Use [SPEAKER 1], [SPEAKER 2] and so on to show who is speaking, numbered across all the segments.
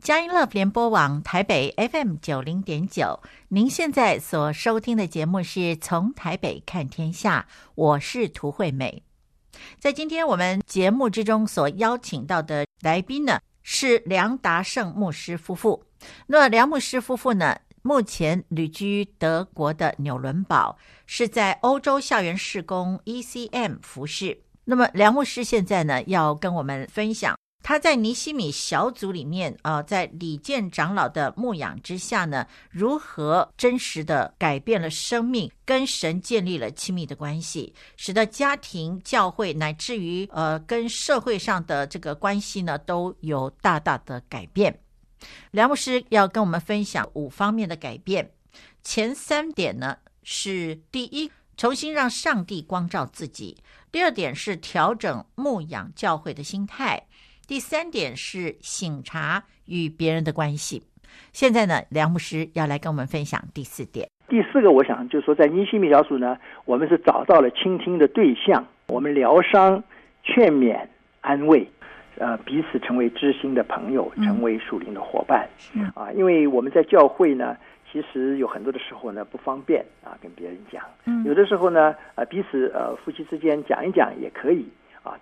[SPEAKER 1] 佳音樂聯播網台北 FM 九零點九，您現在所收聽的節目是從台北看天下，我是涂惠美。在今天我們節目之中所邀請到的來賓呢，是梁達勝牧師夫婦。那麼梁牧師夫婦呢，目前旅居德國的紐倫堡，是在歐洲校園事工 ECM 服侍，那麼梁牧師現在呢，要跟我們分享。他在尼西米小組裡面啊、呃，在李健長老的牧養之下呢，如何真實地改變了生命，跟神建立了親密的關係，使得家庭、教會乃至於呃跟社會上的這個關係呢都有大大的改變。梁牧師要跟我們分享五方面的改變，前三點呢是第一，重新讓上帝光照自己；第二點是調整牧養教會的心態。第三點是省察與別人的關係。現在呢，梁牧師要來跟我們分享第四點。
[SPEAKER 2] 第四個，我想就是說，在尼西米小組呢，我們是找到了傾聽的對象，我們療傷、勸勉、安慰，呃，彼此成為知心的朋友，成為屬靈的夥伴。啊，因為我們在教會呢，其實有很多的時候呢不方便啊跟別人講，有的時候呢，呃彼此呃夫妻之間講一講也可以。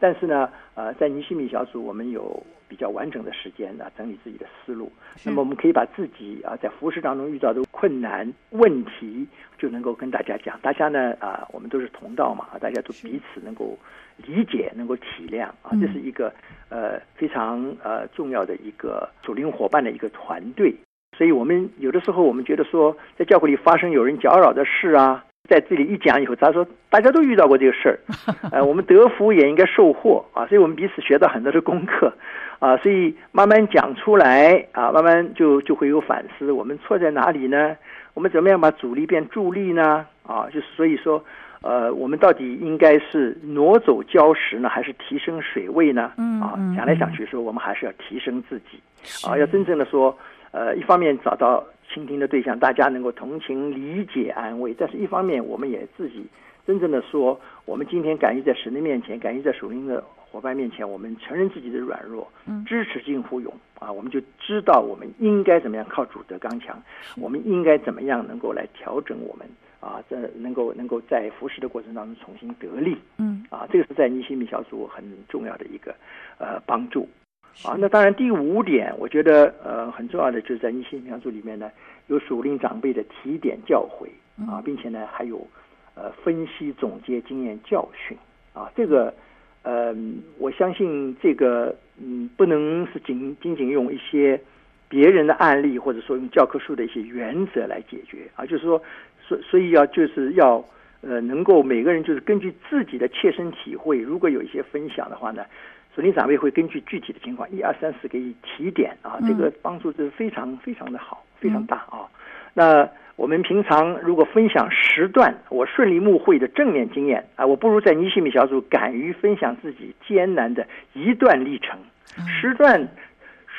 [SPEAKER 2] 但是呢，呃，在尼西米小組，我們有比較完整的時間呢、啊，整理自己的思路。那麼，我們可以把自己啊在服事當中遇到的困難、問題，就能夠跟大家講。大家呢，啊，我們都是同道嘛，大家都彼此能夠理解、能夠體諒啊，是這是一個呃非常呃重要的一個屬靈伙伴的一個團隊。所以，我們有的時候我們覺得說，在教會裡發生有人攪擾的事啊。在這裡一講以後，他說大家都遇到過這個事兒，呃，我們德福也應該受穫啊，所以我們彼此學到很多的功課啊，所以慢慢講出來啊，慢慢就就會有反思，我們錯在哪裡呢？我們怎麼樣把阻力變助力呢？啊，就是所以說，呃，我們到底應該是挪走礁石呢，還是提升水位呢？啊，想來想去說，說我們還是要提升自己啊，要真正的說，呃，一方面找到。傾聽的對象，大家能夠同情、理解、安慰。但是，一方面，我們也自己真正的說，我們今天敢於在神的面前，敢於在屬靈的伙伴面前，我們承認自己的軟弱，知恥近乎勇啊，我們就知道我們應該怎麼樣靠主的剛強，我們應該怎麼樣能夠來調整我們啊，在能夠能夠在服侍的過程當中重新得力。嗯，啊，這個是在尼希米小組很重要的一個呃幫助。啊，那當然，第五點，我覺得呃很重要的，就是在一些名著裡面呢，有屬靈長輩的提點教誨啊，並且呢還有呃分析總結經驗教訓啊，這個呃我相信這個嗯不能是僅僅僅用一些別人的案例，或者說用教科書的一些原則來解決啊，就是說所所以要就是要呃能夠每個人就是根據自己的切身體會，如果有一些分享的話呢。所以長輩會根據具體的情況一二三四給你提點啊，這個幫助是非常非常的好，嗯、非常大啊。那我們平常如果分享十段我順利牧會的正面經驗啊，我不如在尼西米小組敢於分享自己艱難的一段歷程。嗯、十段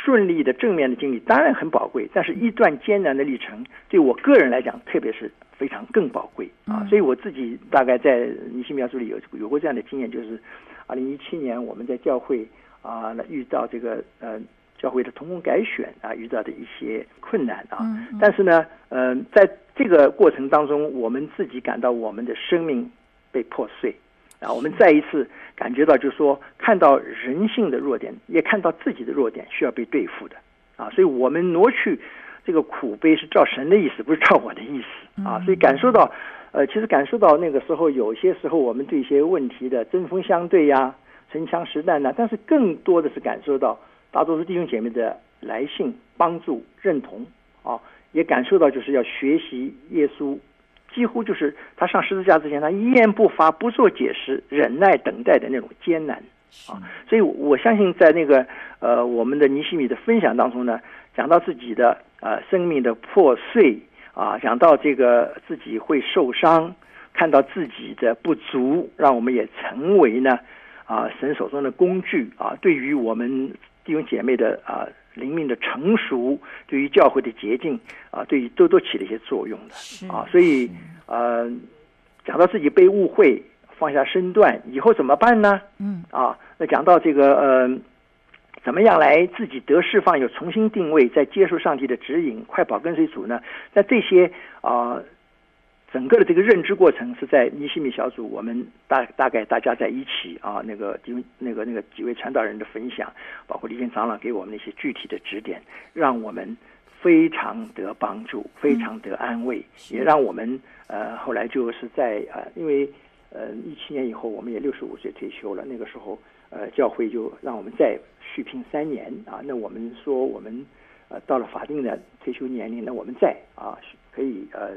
[SPEAKER 2] 順利的正面的經歷當然很寶貴，但是一段艱難的歷程對我個人來講，特別是非常更寶貴啊。所以我自己大概在尼西米小組裡有有過這樣的經驗，就是。二零一七年，我們在教會啊，遇到這個呃教會的同工改選啊，遇到的一些困難啊。但是呢，呃，在這個過程當中，我們自己感到我們的生命被破碎啊，我們再一次感覺到，就是說看到人性的弱點，也看到自己的弱點需要被對付的啊，所以我們挪去這個苦杯是照神的意思，不是照我的意思啊，所以感受到。呃，其實感受到那個時候，有些時候我們對一些問題的針鋒相對呀、唇槍實彈呢、啊，但是更多的是感受到大多數弟兄姐妹的來信、幫助、認同啊，也感受到就是要學習耶穌，幾乎就是他上十字架之前，他一言不發、不做解釋、忍耐等待的那種艱難啊。所以，我相信在那個呃我們的尼西米的分享當中呢，講到自己的呃生命的破碎。啊，講到這個自己會受傷，看到自己的不足，讓我們也成為呢，啊，神手中的工具啊，對於我們弟兄姐妹的啊靈命的成熟，對於教會的潔淨啊，對於都都起了一些作用的啊，所以呃，講到自己被誤會，放下身段以後怎麼辦呢？嗯，啊，那講到這個呃。怎麼樣來自己得釋放，又重新定位，再接受上帝的指引，快跑跟隨主呢？那這些啊、呃，整個的這個認知過程是在尼西米小組，我們大大概大家在一起啊，那個因為那個、那個、那個幾位傳道人的分享，包括李斌長老給我們那些具體的指點，讓我們非常得幫助，非常得安慰，嗯、也讓我們呃後來就是在啊、呃，因為呃一七年以後我們也六十五歲退休了，那個時候。呃，教會就讓我們再續聘三年啊。那我們說我們，呃，到了法定的退休年齡，那我們再啊，可以呃，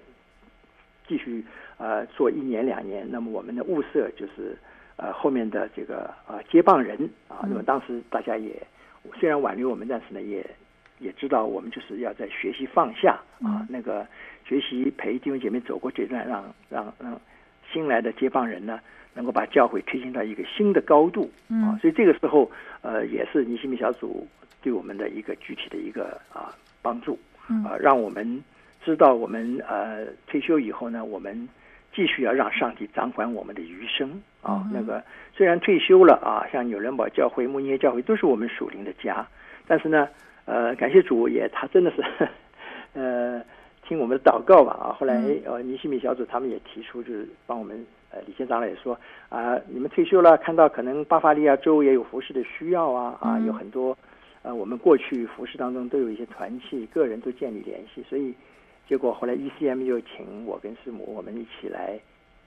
[SPEAKER 2] 繼續呃做一年兩年。那麼我們的物色就是呃後面的這個呃接棒人啊。那麼當時大家也雖然挽留我們，但是呢也也知道我們就是要在學習放下啊。那個學習陪弟兄姐妹走過這段，讓讓讓、嗯、新來的接棒人呢。能夠把教會推進到一個新的高度，嗯、啊，所以這個時候，呃，也是尼西米小組對我們的一個具體的一個啊幫助，嗯、啊，讓我們知道我們呃退休以後呢，我們繼續要讓上帝掌管我們的餘生啊。嗯、那個雖然退休了啊，像紐倫堡教會、慕尼黑教會都是我們屬靈的家，但是呢，呃，感謝主也他真的是，呃，聽我們的禱告吧啊。後來呃尼西米小組他們也提出就是幫我們。呃，李先長老也說啊、呃，你們退休了，看到可能巴伐利亞州也有服侍的需要啊啊，有很多，呃，我們過去服侍當中都有一些團契個人都建立聯繫，所以結果後來 ECM 又請我跟師母，我們一起來，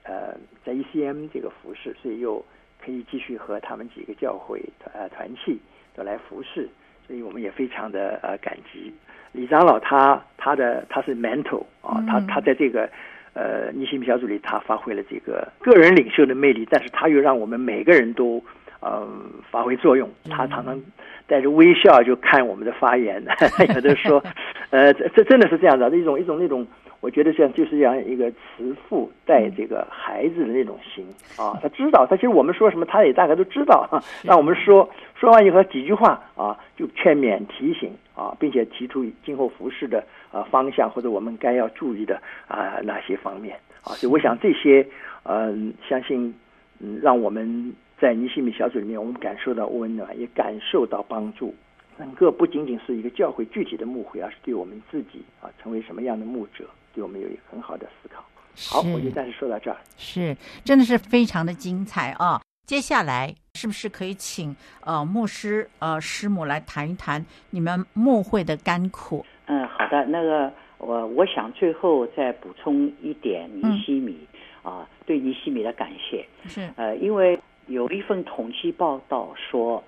[SPEAKER 2] 呃，在 ECM 這個服侍，所以又可以繼續和他們幾個教會團呃團契都來服侍。所以我們也非常的呃感激。李長老他他的他是 mentor 啊，他他在這個。嗯呃，尼希米小組裡，他發揮了這個個人領袖的魅力，但是他又讓我們每個人都，嗯、呃，發揮作用。他常常帶着微笑就看我們的發言，嗯、 有的說，呃，這這真的是這樣子，一種一種那種，我覺得像就是這樣一個慈父帶這個孩子的那種心啊。他知道，他其實我們說什麼，他也大概都知道。啊、那我們說說完以後，幾句話啊，就勸勉提醒。啊，並且提出今後服侍的啊方向，或者我們該要注意的啊哪些方面啊。所以我想這些，嗯、呃，相信嗯，讓我們在尼西米小組裡面，我們感受到溫暖，也感受到幫助。整個不僅僅是一個教會具體的牧會，而是對我們自己啊，成為什麼樣的牧者，對我們有一個很好的思考。好，是我就暫時說到這兒。
[SPEAKER 1] 是，真的是非常的精彩啊、哦。接下來是不是可以請呃牧師呃師母來談一談你們牧會的甘苦？
[SPEAKER 3] 嗯，好的，那個我我想最後再補充一點尼西米、嗯、啊，對尼西米的感謝是呃，因為有一份統計報道說，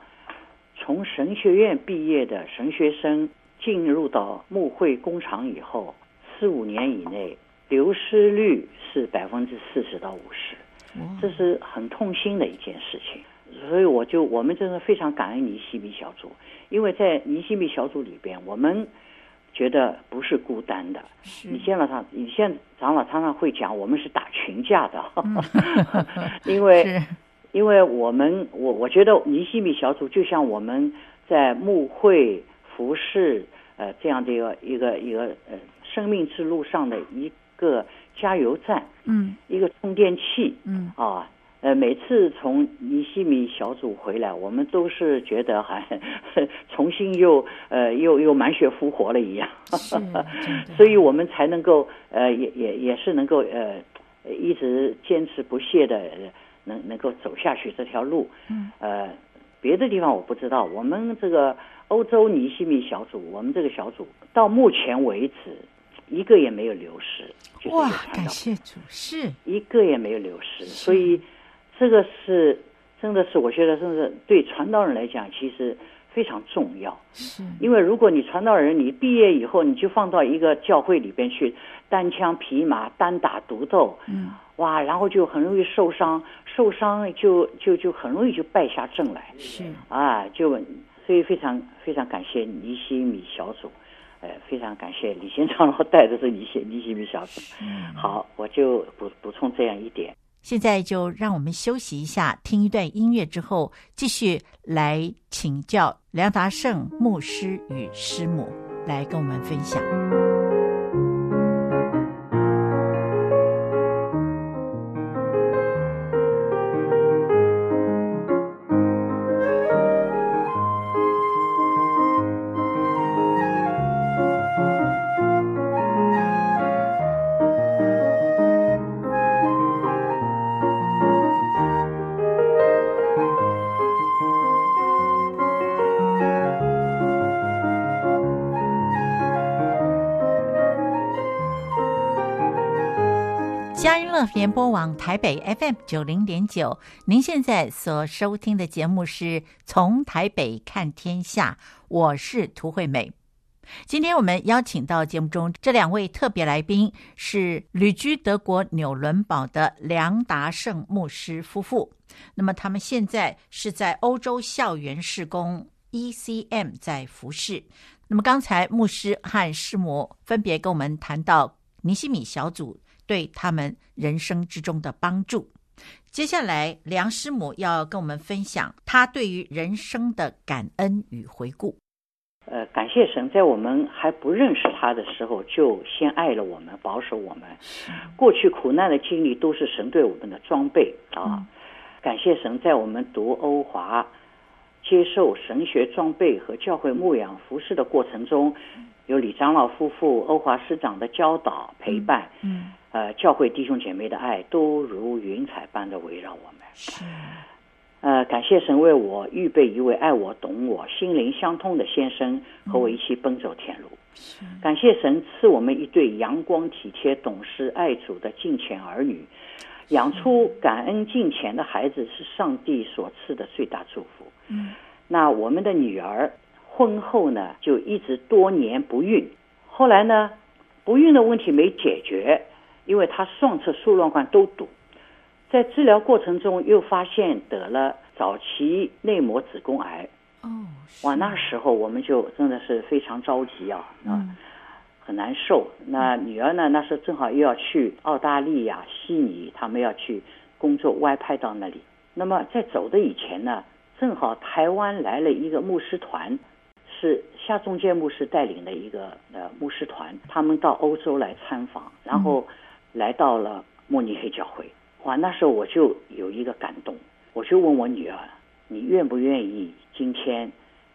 [SPEAKER 3] 從神學院畢業的神學生進入到牧會工場以後，四五年以內流失率是百分之四十到五十。這是很痛心的一件事情，所以我就，我們真的非常感恩尼西米小組，因為在尼西米小組裡邊，我們覺得不是孤單的。是。你見了他，你見長老常常會講，我們是打群架的。嗯、 因為，是因為我們，我我覺得尼西米小組就像我們在牧會服、服事呃，這樣的一個一個一個呃生命之路上的一個。加油站，嗯，一個充電器，嗯啊，呃，每次從尼西米小組回來，我們都是覺得還重新又呃又又滿血復活了一樣，是，真的，所以我們才能夠呃也也也是能夠呃一直堅持不懈的能能夠走下去這條路，嗯呃別的地方我不知道，我們這個歐洲尼西米小組，我們這個小組到目前為止，一個也沒有流失，
[SPEAKER 1] 就傳道哇！感謝主，
[SPEAKER 3] 是一個也沒有流失，是所以這個是真的是，我覺得，真的是對傳道人來講，其實非常重要。是，因為如果你傳道人，你畢業以後，你就放到一個教會裡邊去，單槍匹馬，單打獨鬥，
[SPEAKER 4] 嗯，
[SPEAKER 3] 哇，然後就很容易受傷，受傷就就就很容易就敗下陣來，是啊，就所以非常非常感謝尼西米小組。非常感謝李先昌老帶的是李先李先明小子，好，我就補補充這樣一點。
[SPEAKER 1] 現在就讓我們休息一下，聽一段音樂之後，繼續來請教梁達勝牧師與師母來跟我們分享。樂聯播網台北 FM 九零點九，您現在所收聽的節目是從台北看天下，我是涂惠美。今天我們邀請到節目中這兩位特別來賓是旅居德國紐倫堡的梁達勝牧師夫婦。那麼他們現在是在歐洲校園事工 ECM 在服侍。那麼剛才牧師和師母分別跟我們談到尼西米小組。對他們人生之中的幫助。接下來，梁師母要跟我們分享她對於人生的感恩與回顧。呃，感謝神，在我們
[SPEAKER 3] 還不認識他的時候，就先愛了我們，保守我們。過去苦難的經歷都是神對我們的裝備啊！感謝神，在我們讀歐華、接受神學裝備和教會牧養服侍的過程中，有李長老夫婦、歐華師長的教導陪伴。嗯。嗯呃，教會弟兄姐妹的愛都如雲彩般的圍繞我們。是，呃，感謝神為我預備一位愛我、懂我、心靈相通的先生，和我一起奔走天路。嗯，感謝神賜我們一對陽光、體貼、懂事、愛主的敬虔兒女。養出感恩敬虔的孩子是上帝所賜的最大祝福。嗯，那我們的女兒婚後呢，就一直多年不孕。後來呢，不孕的問題沒解決。因為他雙側輸卵管都堵，在治療過程中又發現得了早期內膜子宮癌。哦，哇，那時候我們就真的是非常着急啊，嗯、啊，很難受。那女兒呢？那時候正好又要去澳大利亞悉尼，他們要去工作，外派到那裡。那麼在走的以前呢，正好台灣來了一個牧師團，是夏忠堅牧師帶領的一個呃牧師團，他們到歐洲來參訪，然後、嗯。來到了慕尼黑教會，哇！那時候我就有一個感動，我就問我女兒：“你願不願意今天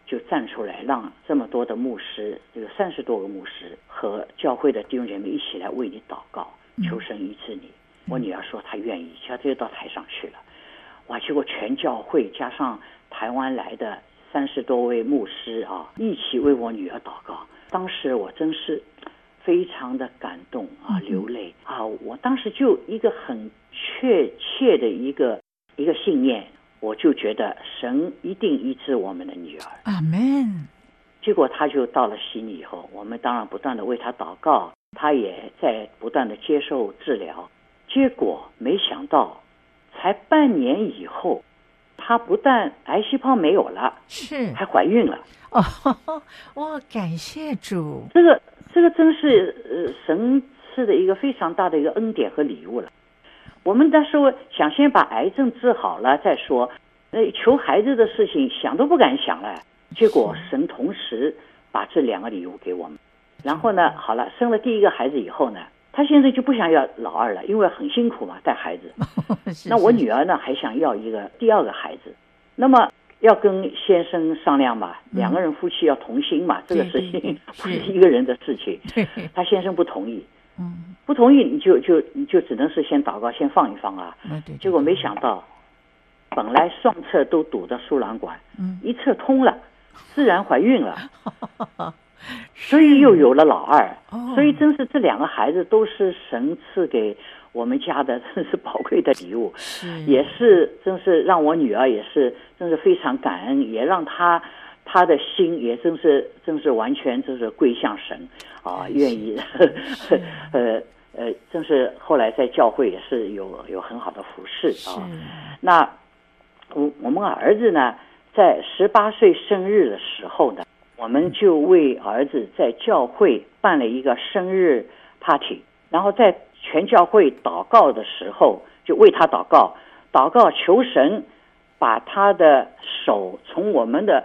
[SPEAKER 3] 就站出來，讓這麼多的牧師，有三十多個牧師和教會的弟兄姐妹一起來為你禱告，求神醫治你？”嗯、我女兒說她願意，下次就到台上去了。哇！結果全教會加上台灣來的三十多位牧師啊，一起為我女兒禱告。當時我真是。非常的感動啊，流淚啊！我當時就一個很確切的一個一個信念，我就覺得神一定醫治我們的女兒。
[SPEAKER 4] 阿門。
[SPEAKER 3] 結果她就到了悉尼以後，我們當然不斷的為她禱告，她也在不斷的接受治療。結果沒想到，才半年以後，她不但癌細胞沒有了，是還懷孕了。
[SPEAKER 1] 哦，哇！感謝主，
[SPEAKER 3] 這個。這個真是呃神賜的一個非常大的一個恩典和禮物了。我們那時候想先把癌症治好了再說，那求孩子的事情想都不敢想了。結果神同時把這兩個禮物給我們，然後呢，好了，生了第一個孩子以後呢，他現在就不想要老二了，因為很辛苦嘛，帶孩子。那我女兒呢，還想要一個第二個孩子，那麼。要跟先生商量嘛，兩個人夫妻要同心嘛，這個事情不是一個人的事情。他先生不同意，不同意你就就你就只能是先禱告，先放一放啊。結果沒想到，本來雙側都堵着輸卵管，一側通了，自然懷孕了，所以又有了老二。所以真是這兩個孩子都是神賜給我們家的真是寶貴的禮物，是啊、也是真是讓我女兒也是真是非常感恩，也讓她，她的心也真是真是完全就是歸向神，啊，啊願意，呃呃，正是後來在教會也是有有很好的服侍啊。啊啊那我我們兒子呢，在十八歲生日的時候呢，我們就為兒子在教會辦了一個生日 party，、嗯、然後在。全教會禱告的時候，就為他禱告，禱告求神，把他的手從我們的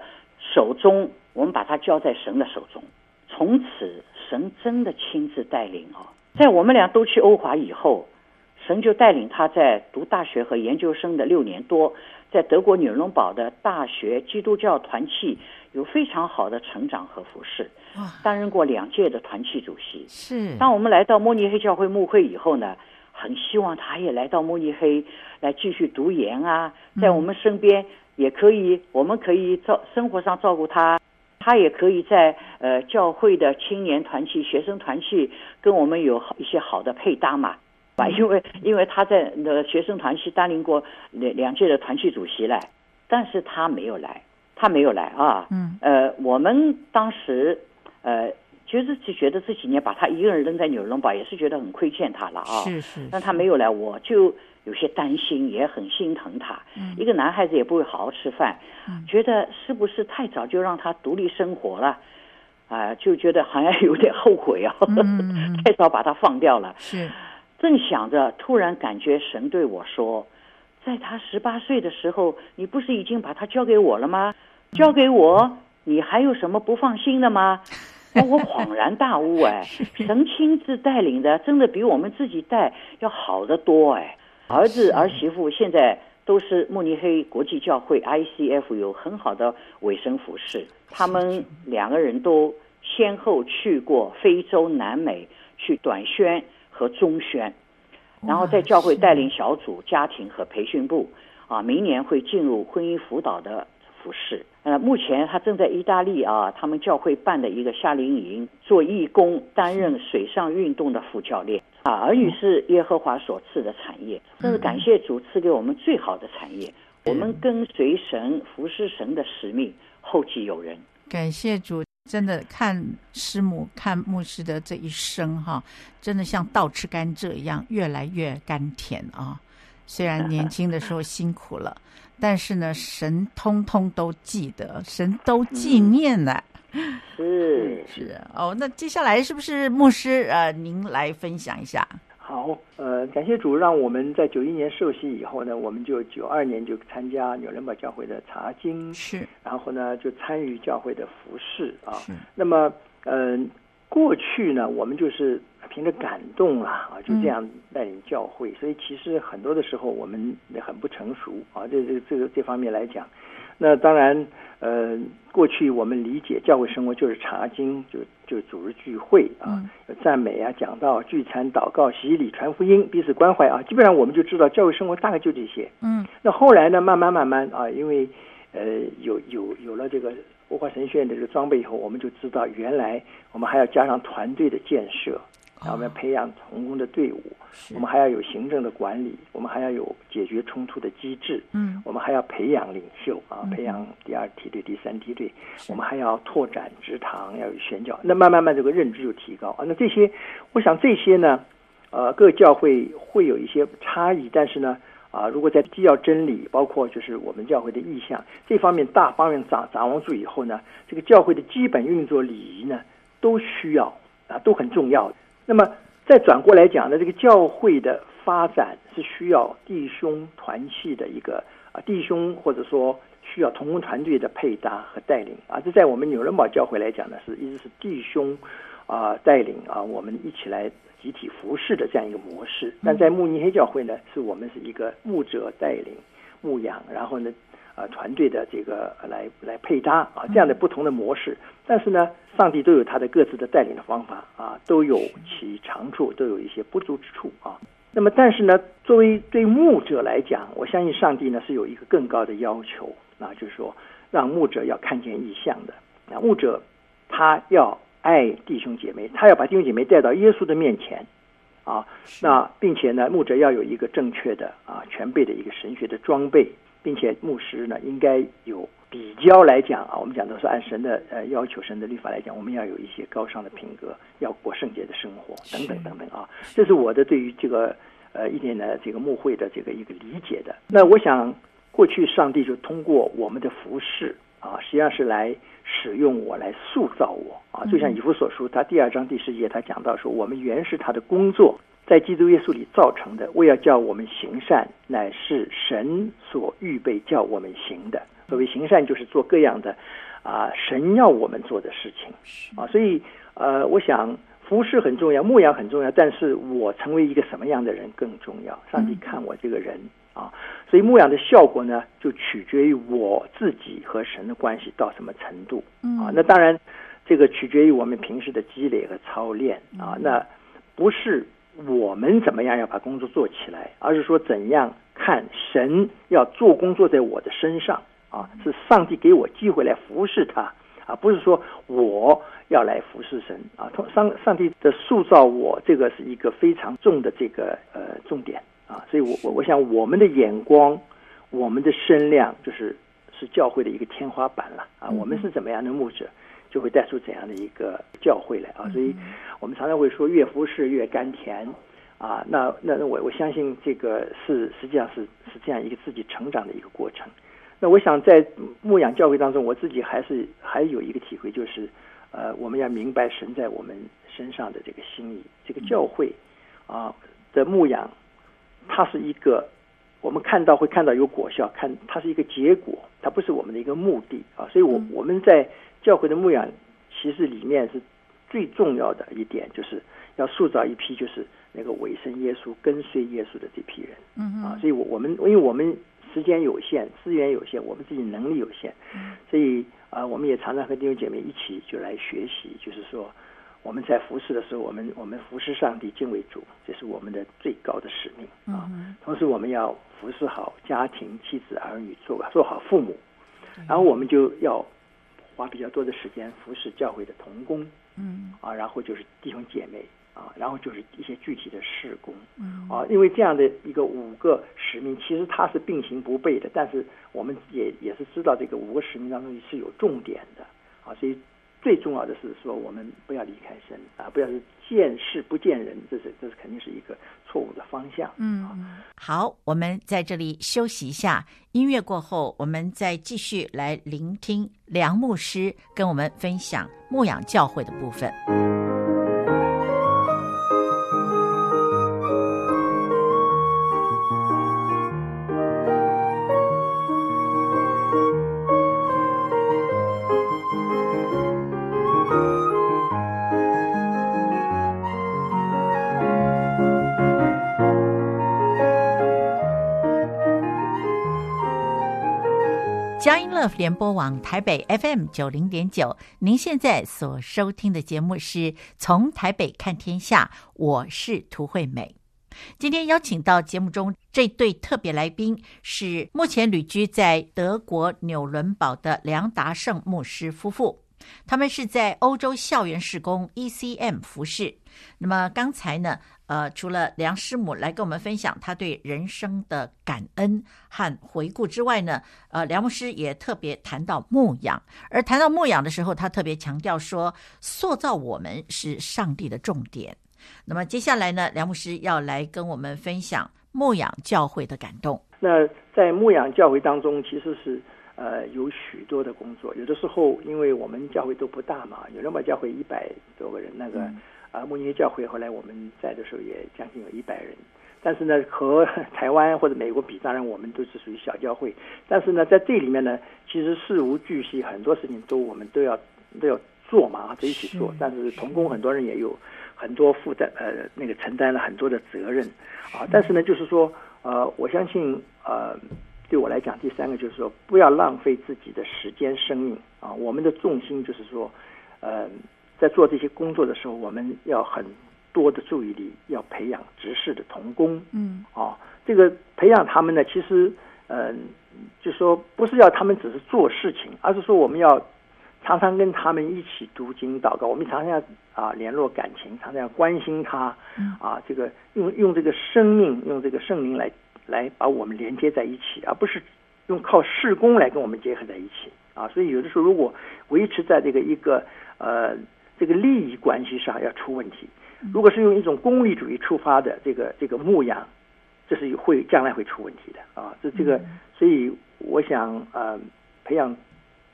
[SPEAKER 3] 手中，我們把他交在神的手中。從此，神真的親自帶領哦、啊。在我們倆都去歐華以後，神就帶領他在讀大學和研究生的六年多，在德國紐倫堡的大學基督教團契。有非常好的成長和服事，哇擔任過兩屆的團契主席。是，當我們來到慕尼黑教會牧會以後呢，很希望他也來到慕尼黑來繼續讀研啊，在我們身邊也可以，嗯、我們可以照生活上照顧他，他也可以在呃教會的青年團契、學生團契跟我們有好一些好的配搭嘛，啊，因為因為他在那個、呃、學生團契擔，擔任過兩兩屆的團契主席來，但是他沒有來。他沒有來啊，嗯，呃，我們當時，呃，其實就覺得這幾年把他一個人扔在紐倫堡也是覺得很虧欠他了啊，是，是是，但他沒有來，我就有些擔心，也很心疼他。嗯、一個男孩子也不會好好吃飯，嗯、覺得是不是太早就讓他獨立生活了？啊、嗯呃，就覺得好像有點後悔啊，嗯、 太早把他放掉了。是，正想着，突然感覺神對我說。在他十八歲的時候，你不是已經把他交給我了嗎？交給我，你還有什麼不放心的嗎？哦，我恍然大悟哎，神親自帶領的，真的比我們自己帶要好得多哎。兒子兒媳婦現在都是慕尼黑國際教會 ICF 有很好的委身服侍。他們兩個人都先後去過非洲、南美去短宣和中宣。然後在教會帶領小組、家庭和培訓部，啊，明年會進入婚姻輔導的服侍，呃，目前他正在意大利，啊，他們教會辦的一個夏令營做義工，擔任水上運動的副教練。啊，兒女是耶和華所賜的產業，這是感謝主賜給我們最好的產業。我們跟隨神服侍神的使命，後繼有人。
[SPEAKER 1] 感謝主。真的看師母、看牧師的這一生哈、啊，真的像倒吃甘蔗一樣，越來越甘甜啊！雖然年輕的時候辛苦了， 但是呢，神通通都記得，神都紀念呢、啊。嗯、 是是哦，那接下來是不是牧師呃，您來分享一下。
[SPEAKER 2] 好，呃，感謝主讓我們在九一年受洗以後呢，我們就九二年就參加紐倫堡教會的查經，是，然後呢，就參與教會的服事啊。是，那麼，嗯、呃，過去呢，我們就是憑着感動了啊，啊，就這樣帶領教會，嗯、所以其實很多的時候我們也很不成熟啊，這這這個這方面來講。那當然，呃，過去我們理解教會生活就是查經，就就組織聚會啊，讚美啊，講道、聚餐、禱告、洗禮、傳福音、彼此關懷啊，基本上我們就知道教會生活大概就這些。嗯，那後來呢，慢慢慢慢啊，因為呃有有有了這個歐華神學院的這個裝備以後，我們就知道原來我們還要加上團隊的建設。然後我們要培養同工的隊伍，uh huh. 我們還要有行政的管理，我們還要有解決衝突的機制，嗯、uh，huh. 我們還要培養領袖啊，培養第二梯隊、第三梯隊，uh huh. 我們還要拓展植堂，要有宣教，那慢慢慢這個認知就提高啊。那這些，我想這些呢，呃，各教會會有一些差異，但是呢，啊，如果在基要真理，包括就是我們教會的異象這方面大方面掌掌握住以後呢，這個教會的基本運作禮儀呢，都需要啊，都很重要。那麼，再轉過來講呢，這個教會的發展是需要弟兄團契的一個啊，弟兄或者說需要同工團隊的配搭和帶領啊。這在我們紐倫堡教會來講呢，是一直是弟兄啊帶領啊，我們一起來集體服侍的這樣一個模式。但在慕尼黑教會呢，是我們是一個牧者帶領牧養，然後呢。啊，團隊的這個來來配搭啊，這樣的不同的模式。但是呢，上帝都有他的各自的帶領的方法啊，都有其長處，都有一些不足之處啊。那麼，但是呢，作為對牧者來講，我相信上帝呢是有一個更高的要求，那、啊、就是說，讓牧者要看見異象的。那、啊、牧者他要愛弟兄姐妹，他要把弟兄姐妹帶到耶穌的面前啊。那並且呢，牧者要有一個正確的啊全備的一個神學的裝備。並且牧師呢，應該有比較來講啊，我們講的是按神的呃要求，神的律法來講，我們要有一些高尚的品格，要過聖潔的生活，等等等等啊。這是我的對於這個呃一點的這個牧會的這個一個理解的。那我想，過去上帝就通過我們的服侍啊，實際上是來使用我，來塑造我啊。就像以弗所書他第二章第十節，他講到說，我們原是他的工作。在基督耶穌裡造成的，為要叫我們行善，乃是神所預備叫我們行的。所謂行善，就是做各樣的，啊、呃，神要我們做的事情。啊，所以，呃，我想服侍很重要，牧養很重要，但是我成為一個什麼樣的人更重要。上帝看我這個人、嗯、啊，所以牧養的效果呢，就取決於我自己和神的關係到什麼程度。
[SPEAKER 4] 啊，那當
[SPEAKER 2] 然，這個取決於我們平時的積累和操練啊，那不是。我們怎麼樣要把工作做起來？而是說怎樣看神要做工作在我的身上啊？是上帝給我機會來服侍他啊，不是說我要來服侍神啊。從上上帝的塑造我，這個是一個非常重的這個呃重點啊。所以我我我想我們的眼光，我們的身量，就是是教會的一個天花板了啊。我們是怎麼樣的牧者？就會帶出怎樣的一個教會來啊？所以，我們常常會說，越服侍越甘甜啊。那那我我相信這個是實際上是是這樣一個自己成長的一個過程。那我想在牧養教會當中，我自己還是還有一個體會，就是呃，我們要明白神在我們身上的這個心意，這個教會啊的牧養，它是一個我們看到會看到有果效，看它是一個結果，它不是我們的一個目的啊。所以我我們在教會的牧養其實裡面是最重要的一點，就是要塑造一批就是那個委身耶穌、跟隨耶穌的這批人。
[SPEAKER 4] 嗯嗯。啊，所以，我我們因為
[SPEAKER 2] 我們時間有限、資源有限、我們自己能力有限，嗯，所以啊，我們也常常和弟兄姐妹一起就來學習，就是說我們在服侍的時候，我們我們服侍上帝、敬畏主，這是我們的最高的使命。啊嗯。同時，我們要服侍好家庭、妻子、兒女，做做好父母，然後我們就要。花比較多的時間服侍教會的同工，嗯，嗯啊，然後就是弟兄姐妹啊，然後就是一些具體的事工，嗯，嗯啊，因為這樣的一個五個使命，其實它是並行不悖的，但是我們也也是知道這個五個使命當中是有重點的啊，所以。最重要的是說，我們不要離開神啊，不要是見事不見人，這是這是肯定是一個錯誤的方向啊。嗯，
[SPEAKER 1] 好，我們在這裡休息一下，音樂過後，我們再繼續來聆聽梁牧師跟我們分享牧養教會的部分。聯播網台北 FM 九零點九，您現在所收聽的節目是從台北看天下，我是涂惠美。今天邀請到節目中這對特別來賓是目前旅居在德國紐倫堡的梁達勝牧師夫婦，他們是在歐洲校園事工 ECM 服侍。那麼剛才呢？呃，除了梁師母來跟我們分享他對人生的感恩和回顧之外呢，呃，梁牧師也特別談到牧養。而談到牧養的時候，他特別強調說，塑造我們是上帝的重點。那麼接下來呢，梁牧師要來跟我們分享牧養教會的感動。
[SPEAKER 2] 那在牧養教會當中，其實是呃有許多的工作。有的時候，因為我們教會都不大嘛，有那麼教會一百多個人那個、嗯。啊，慕尼黑教會後來我們在的時候也將近有一百人，但是呢，和台灣或者美國比，當然我們都是屬於小教會。但是呢，在這裡面呢，其實事無巨細，很多事情都我們都要都要做嘛，啊，都一起做。但是同工很多人也有很多負擔，呃，那個承擔了很多的責任啊。但是呢，就是說，呃，我相信，呃，對我來講，第三個就是說，不要浪費自己的時間、生命啊。我們的重心就是說，呃。在做這些工作的時候，我們要很多的注意力，要培養執事的同工，嗯，啊，這個培養他們呢，其實，嗯、呃，就說不是要他們只是做事情，而是說我們要常常跟他們一起讀經禱告，我們常常要啊聯絡感情，常常要關心他，嗯，啊，這個用用這個生命，用這個聖靈來來把我們連接在一起，而不是用靠事工來跟我們結合在一起，啊，所以有的時候如果維持在這個一個呃。這個利益關係上要出問題，如果是用一種功利主義出發的這個這個牧養，這是會將來會出問題的啊！這這個，所以我想呃培養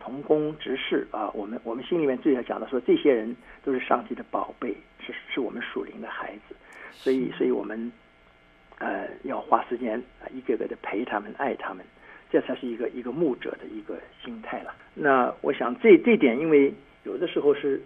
[SPEAKER 2] 同工執事啊，我們我們心裡面最要講的說，這些人都是上帝的寶貝，是是我們屬靈的孩子，所以所以我們呃要花時間啊，一個個的陪他們、愛他們，這才是一個一個牧者的一個心態了。那我想這這點，因為有的時候是。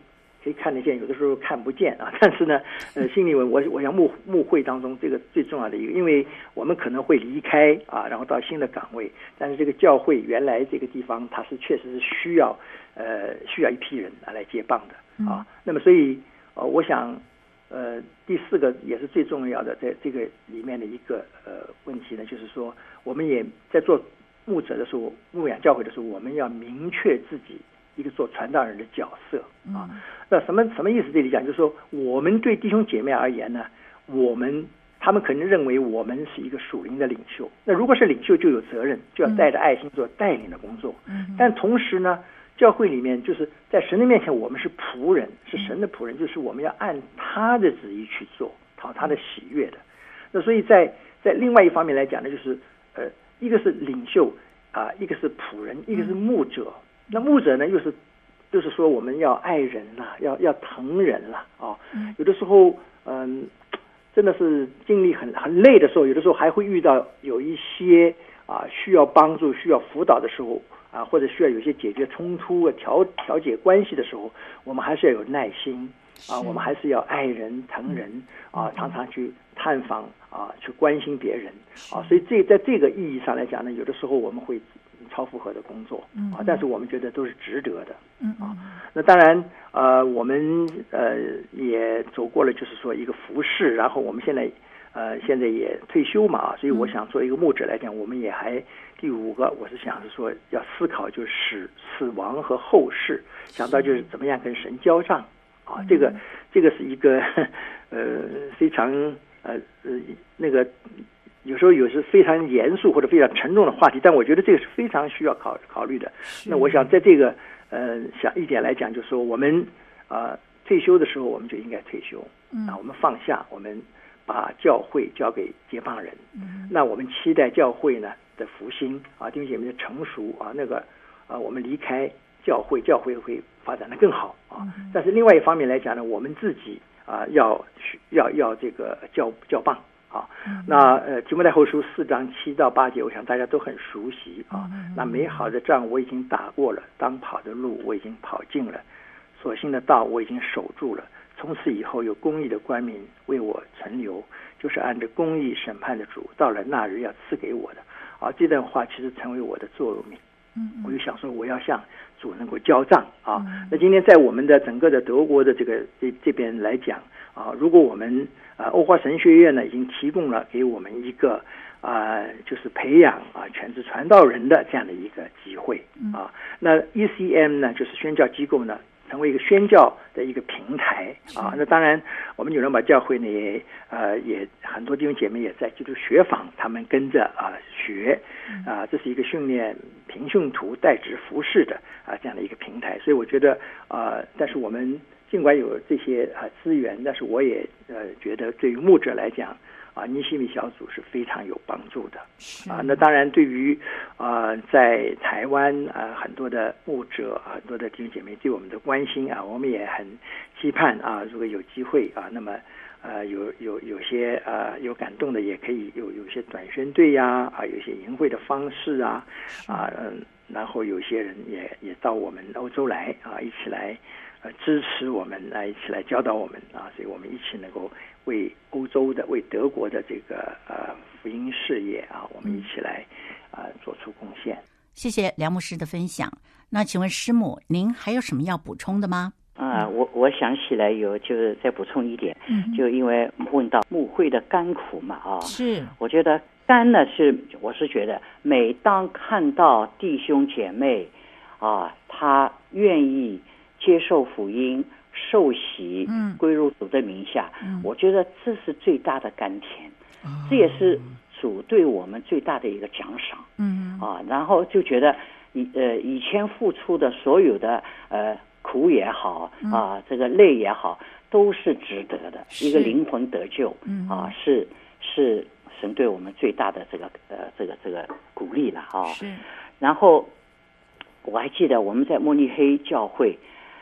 [SPEAKER 2] 可以看得見，有的時候看不見啊。但是呢，呃，心裡我我想牧牧會當中這個最重要的一個，因為我們可能會離開啊，然後到新的崗位。但是這個教會原來這個地方它是確實是需要，呃，需要一批人來接棒的啊。那麼所以呃，我想，呃，第四個也是最重要的在這個裡面的一個呃問題呢，就是說，我們也在做牧者的時候，牧養教會的時候，我們要明確自己。一個做傳道人的角色、嗯、啊，那什麼什麼意思？這裡講就是說，我們對弟兄姐妹而言呢，我們他們可能認為我們是一個屬靈的領袖。那如果是領袖，就有責任，就要帶着愛心做帶領的工作。嗯。但同時呢，教會裡面就是在神的面前，我們是僕人，嗯、是神的僕人，就是我們要按他的旨意去做，討他的喜悅的。那所以在在另外一方面來講呢，就是呃，一個是領袖啊、呃，一個是僕人，一個是牧者。嗯那牧者呢，又是，就是說，我們要愛人了，要要疼人啦，啊、哦。有的時候，嗯，真的是經歷很很累的時候，有的時候還會遇到有一些啊需要幫助、需要輔導的時候啊，或者需要有些解決衝突、調調解關係的時候，我們還是要有耐心啊，我們還是要愛人、疼人啊，常常去探訪啊，去關心別人啊，所以這在這個意義上來講呢，有的時候我們會。超負荷的工作，啊，但是我們覺得都是值得的，嗯嗯啊，那當然，呃，我們呃也走過了，就是說一個服侍，然後我們現在呃現在也退休嘛，所以我想做一個牧者來講，我們也還第五個，我是想是說要思考，就是死死亡和後世，想到就是怎麼樣跟神交帳。啊，這個這個是一個呃非常呃呃那個。我說有時候有些非常嚴肅或者非常沉重的話題，但我覺得這個是非常需要考考慮的。那我想在這個呃，小一點來講，就是說我們啊、呃、退休的時候，我們就應該退休、
[SPEAKER 4] 嗯、啊，我們放
[SPEAKER 2] 下，我們把教會交給接棒人。嗯、那我們期待教會呢的復興啊弟兄姐妹的成熟啊那個啊我們離開教會，教會會發展得更好啊。嗯、但是另外一方面來講呢，我們自己啊要要要這個教教棒。 那呃，《提摩太後書》四章七到八節，我想大家都很熟悉啊。那美好的仗我已經打過了，當跑的路我已經跑盡了，所信的道我已經守住了。從此以後，有公義的冠冕為我存留，就是按照公義審判的主，到了那日要賜給我的。啊，這段話其實成為我的座右銘。嗯， 我就想說，我要向主能夠交賬啊。那今天在我們的整個的德國的這個這這邊來講啊，如果我們。啊，歐華神學院呢已經提供了給我們一個啊、呃，就是培養啊全職傳道人的這樣的一個機會啊。那 ECM 呢，就是宣教機構呢，成為一個宣教的一個平台啊。那當然，我們紐倫堡教會呢也，呃，也很多弟兄姐妹也在就是學坊，他們跟着啊學啊，這是一個訓練平信徒帶職服侍的啊這樣的一個平台。所以我覺得啊、呃，但是我們。儘管有這些啊資源，但是我也呃覺得對於牧者來講啊，尼西米小組是非常有幫助的,的啊。那當然對，對於啊在台灣啊很多的牧者、很多的弟兄姐妹對我們的關心啊，我們也很期盼啊。如果有機會啊，那麼呃、啊、有有有些呃、啊、有感動的，也可以有有些短宣隊呀啊，有些營會的方式啊啊嗯，然後有些人也也到我們歐洲來啊，一起來。支持我們來一起來教導我們啊，所以我們一起能夠為歐洲的，為德國的這個呃福音事業啊，我們一起來呃做出貢獻。
[SPEAKER 1] 謝謝梁牧師的分享。那請問師母，您還有什麼要補充的嗎？
[SPEAKER 3] 啊、呃，我我想起來有，就是再補充一點，嗯，就因為問到牧會的甘苦嘛啊，是，我覺得甘呢是我是覺得，每當看到弟兄姐妹啊，他願意。接受福音，受洗，歸入主的名下，嗯嗯、我覺得這是最大的甘甜，嗯、這也是主對我們最大的一個獎賞，嗯啊，然後就覺得以呃以前付出的所有的呃苦也好，啊，嗯、這個累也好，都是值得的，是一個靈魂得救，啊、嗯，啊，是是神對我們最大的這個呃這個這個鼓勵了啊
[SPEAKER 4] 是，
[SPEAKER 3] 然後我還記得我們在慕尼黑教會。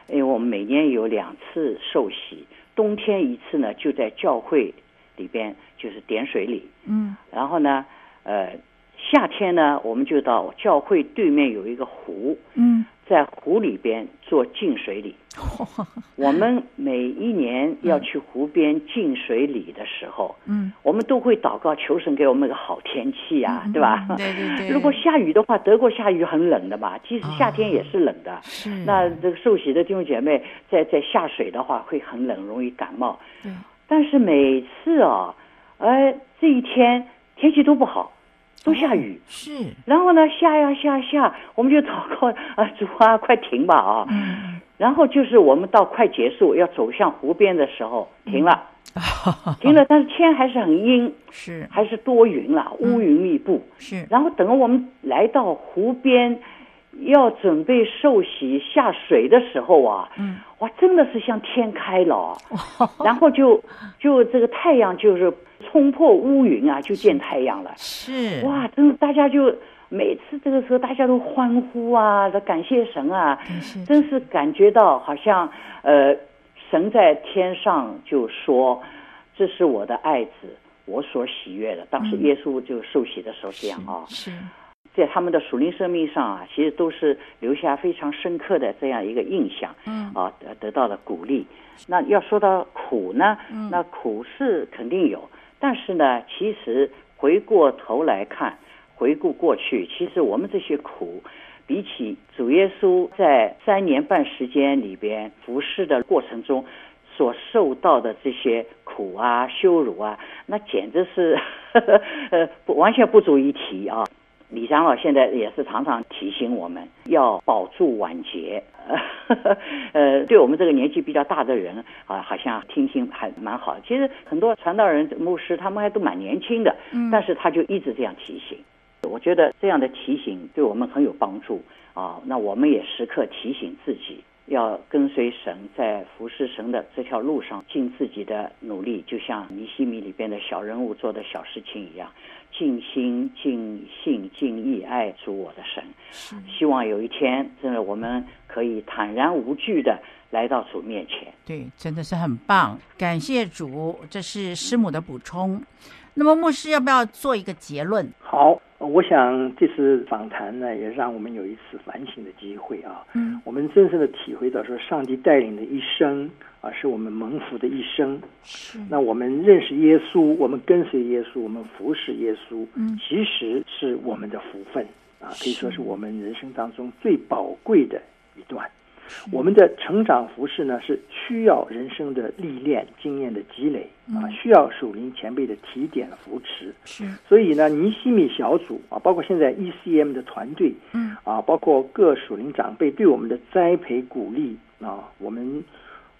[SPEAKER 3] 因為我們每年有兩次受洗，冬天一次呢，就在教會裡邊就是點水禮，嗯，然後呢，呃，夏天呢，我們就到教會對面有一個湖，嗯，在湖裡邊做浸水禮。哦、我們每一年要去湖邊進水裡的時候，嗯，我們都會禱告求神給我們個好天氣啊，嗯、對吧？對對對。如果下雨的話，德國下雨很冷的嘛，其實夏天也是冷的。是、啊。那這個受洗的弟兄姐妹在在下水的話，會很冷，容易感冒。
[SPEAKER 4] 對。
[SPEAKER 3] 但是每次啊、哦，哎、呃，這一天天氣都不好，都下雨。哦、是。然後呢，下呀下下，我們就禱告啊，主啊，快停吧啊。嗯然後就是我們到快結束要走向湖邊的時候，停了，停了，但是天還是很陰，是還是多雲了，是烏雲密布，嗯、是。然後等我們來到湖邊，要準備受洗下水的時候啊，嗯，哇，真的是像天開了、啊，哇然後就就這個太陽就是衝破烏雲啊，就見太陽了，是。是哇，真的大家就。每次這個時候，大家都歡呼啊，都感謝神啊，真是感覺到好像呃，神在天上就說：“這是我的愛子，我所喜悅的。”當時耶穌就受洗的時候這樣啊，嗯、是
[SPEAKER 4] 是，
[SPEAKER 3] 在他們的屬靈生命上啊，其實都是留下非常深刻的這樣一個印象，啊，得到了鼓勵。那要說到苦呢，那苦是肯定有，但是呢，其實回過頭來看。回顧過去，其實我們這些苦，比起主耶穌在三年半時間裡邊服侍的過程中所受到的這些苦啊、羞辱啊，那簡直是呵呵呃完全不足一提啊。李長老現在也是常常提醒我們要保住晚節呵呵，呃，對我們這個年紀比較大的人啊、呃，好像聽聽還蠻好。其實很多傳道人、牧師他們還都蠻年輕的，嗯、但是他就一直這樣提醒。我覺得這樣的提醒對我們很有幫助啊！那我們也時刻提醒自己，要跟隨神，在服侍神的這條路上盡自己的努力，就像《尼希米》裡邊的小人物做的小事情一樣，盡心、盡性、盡意愛主我的神。是希望有一天，真的我們可以坦然無懼的來到主面前。
[SPEAKER 1] 對，真的是很棒，感謝主。這是師母的補充。那麼牧師，要不要做一
[SPEAKER 2] 個結論？好。我想這次訪談呢，也讓我們有一次反省的機會啊。嗯，我們深深的體會到說，上帝帶領的一生啊，是我們蒙福的一生。那我們認識耶穌，我們跟隨耶穌，我們服侍耶穌，嗯，其實是我們的福分啊，可以說是我們人生當中最寶貴的一段。是我們的成長服侍呢，是需要人生的歷練、經驗的積累、嗯、啊，需要屬靈前輩的提點扶持。是，所以呢，尼西米小組啊，包括現在 ECM 的團隊，嗯、啊，包括各屬靈長輩對我們的栽培鼓勵啊，我們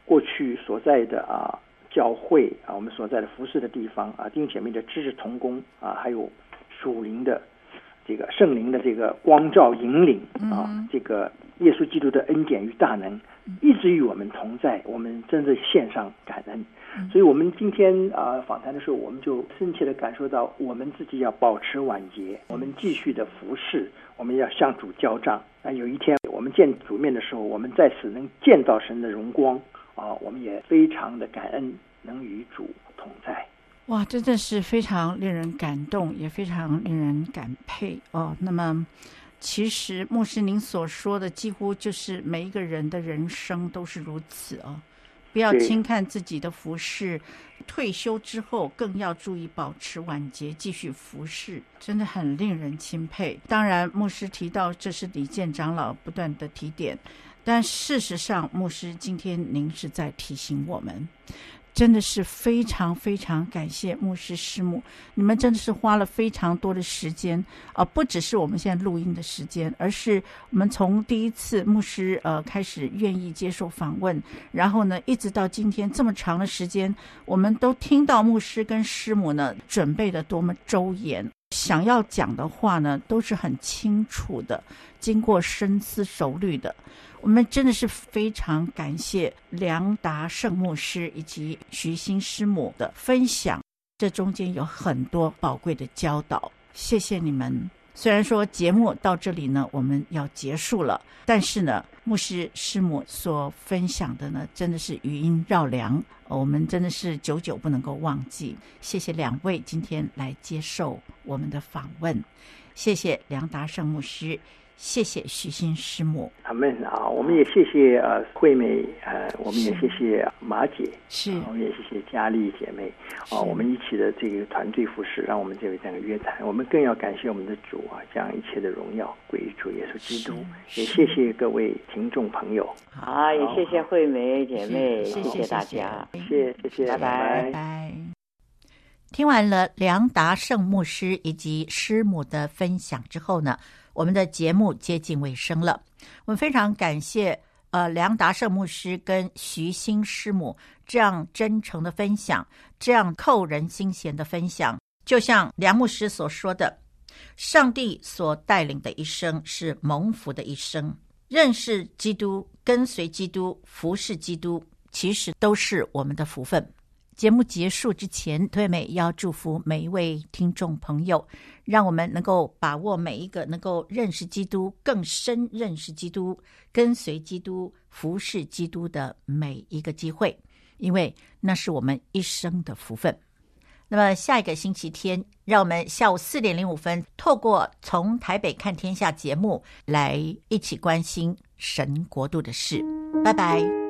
[SPEAKER 2] 過去所在的啊教會啊，我們所在的服侍的地方啊，弟兄姐妹的知識同工啊，還有屬靈的。這個聖靈的這個光照引領啊，這個耶穌基督的恩典與大能，一直與我們同在，我們真的獻上感恩。所以我們今天啊訪談的時候，我們就深切的感受到，我們自己要保持晚節，我們繼續的服侍，我們要向主交賬。但有一天我們見主面的時候，我們在此能見到神的榮光啊，我們也非常的感恩，能與主同在。
[SPEAKER 1] 哇，真的是非常令人感動，也非常令人感佩哦。那麼，其實牧師您所說的，幾乎就是每一個人的人生都是如此哦。
[SPEAKER 2] 不要輕
[SPEAKER 1] 看自己的服侍，是退休之後更要注意保持晚節，繼續服侍，真的很令人欽佩。當然，牧師提到這是李健長老不斷的提點，但事實上，牧師今天您是在提醒我們。真的是非常非常感謝牧師師母，你們真的是花了非常多的時間啊，呃，不只是我們現在錄音的時間，而是我們從第一次牧師呃開始願意接受訪問，然後呢，一直到今天這麼長的時間，我們都聽到牧師跟師母呢準備的多麼周延。想要講的話呢，都是很清楚的，經過深思熟慮的。我們真的是非常感謝梁達勝牧師以及徐新師母的分享，這中間有很多寶貴的教導。謝謝你們。雖然說節目到這裡呢，我們要結束了，但是呢，牧師師母所分享的呢，真的是餘音繞樑，我們真的是久久不能夠忘記。謝謝兩位今天來接受我們的訪問，謝謝梁達勝牧師。謝謝徐新師母，啊，
[SPEAKER 2] 我們也謝謝呃慧美，呃，我們也謝謝馬姐，是、啊，我們也謝謝佳麗姐妹，是啊，我們一起的這個團隊服侍，讓我們這位這樣的約談，我們更要感謝我們的主啊，將一切的榮耀歸於主耶穌基督，也謝謝各位聽眾朋友，好，啊、也謝謝慧美姐妹，謝謝大家，謝謝，謝，謝拜
[SPEAKER 1] 拜，拜拜。聽完了梁達勝牧師以及師母的分享之後呢，我們的節目接近尾聲了，我們非常感謝呃梁達勝牧師跟徐新師母這樣真誠的分享，這樣扣人心弦的分享。就像梁牧師所說的，上帝所帶領的一生是蒙福的一生，認識基督、跟隨基督、服侍基督，其實都是我們的福分。節目結束之前，涂美要祝福每一位聽眾朋友，讓我們能夠把握每一個能夠認識基督、更深認識基督、跟隨基督、服侍基督的每一個機會，因為那是我們一生的福分。那麼下一個星期天，讓我們下午四點零五分，透過《從台北看天下》節目來一起關心神國度的事。拜拜。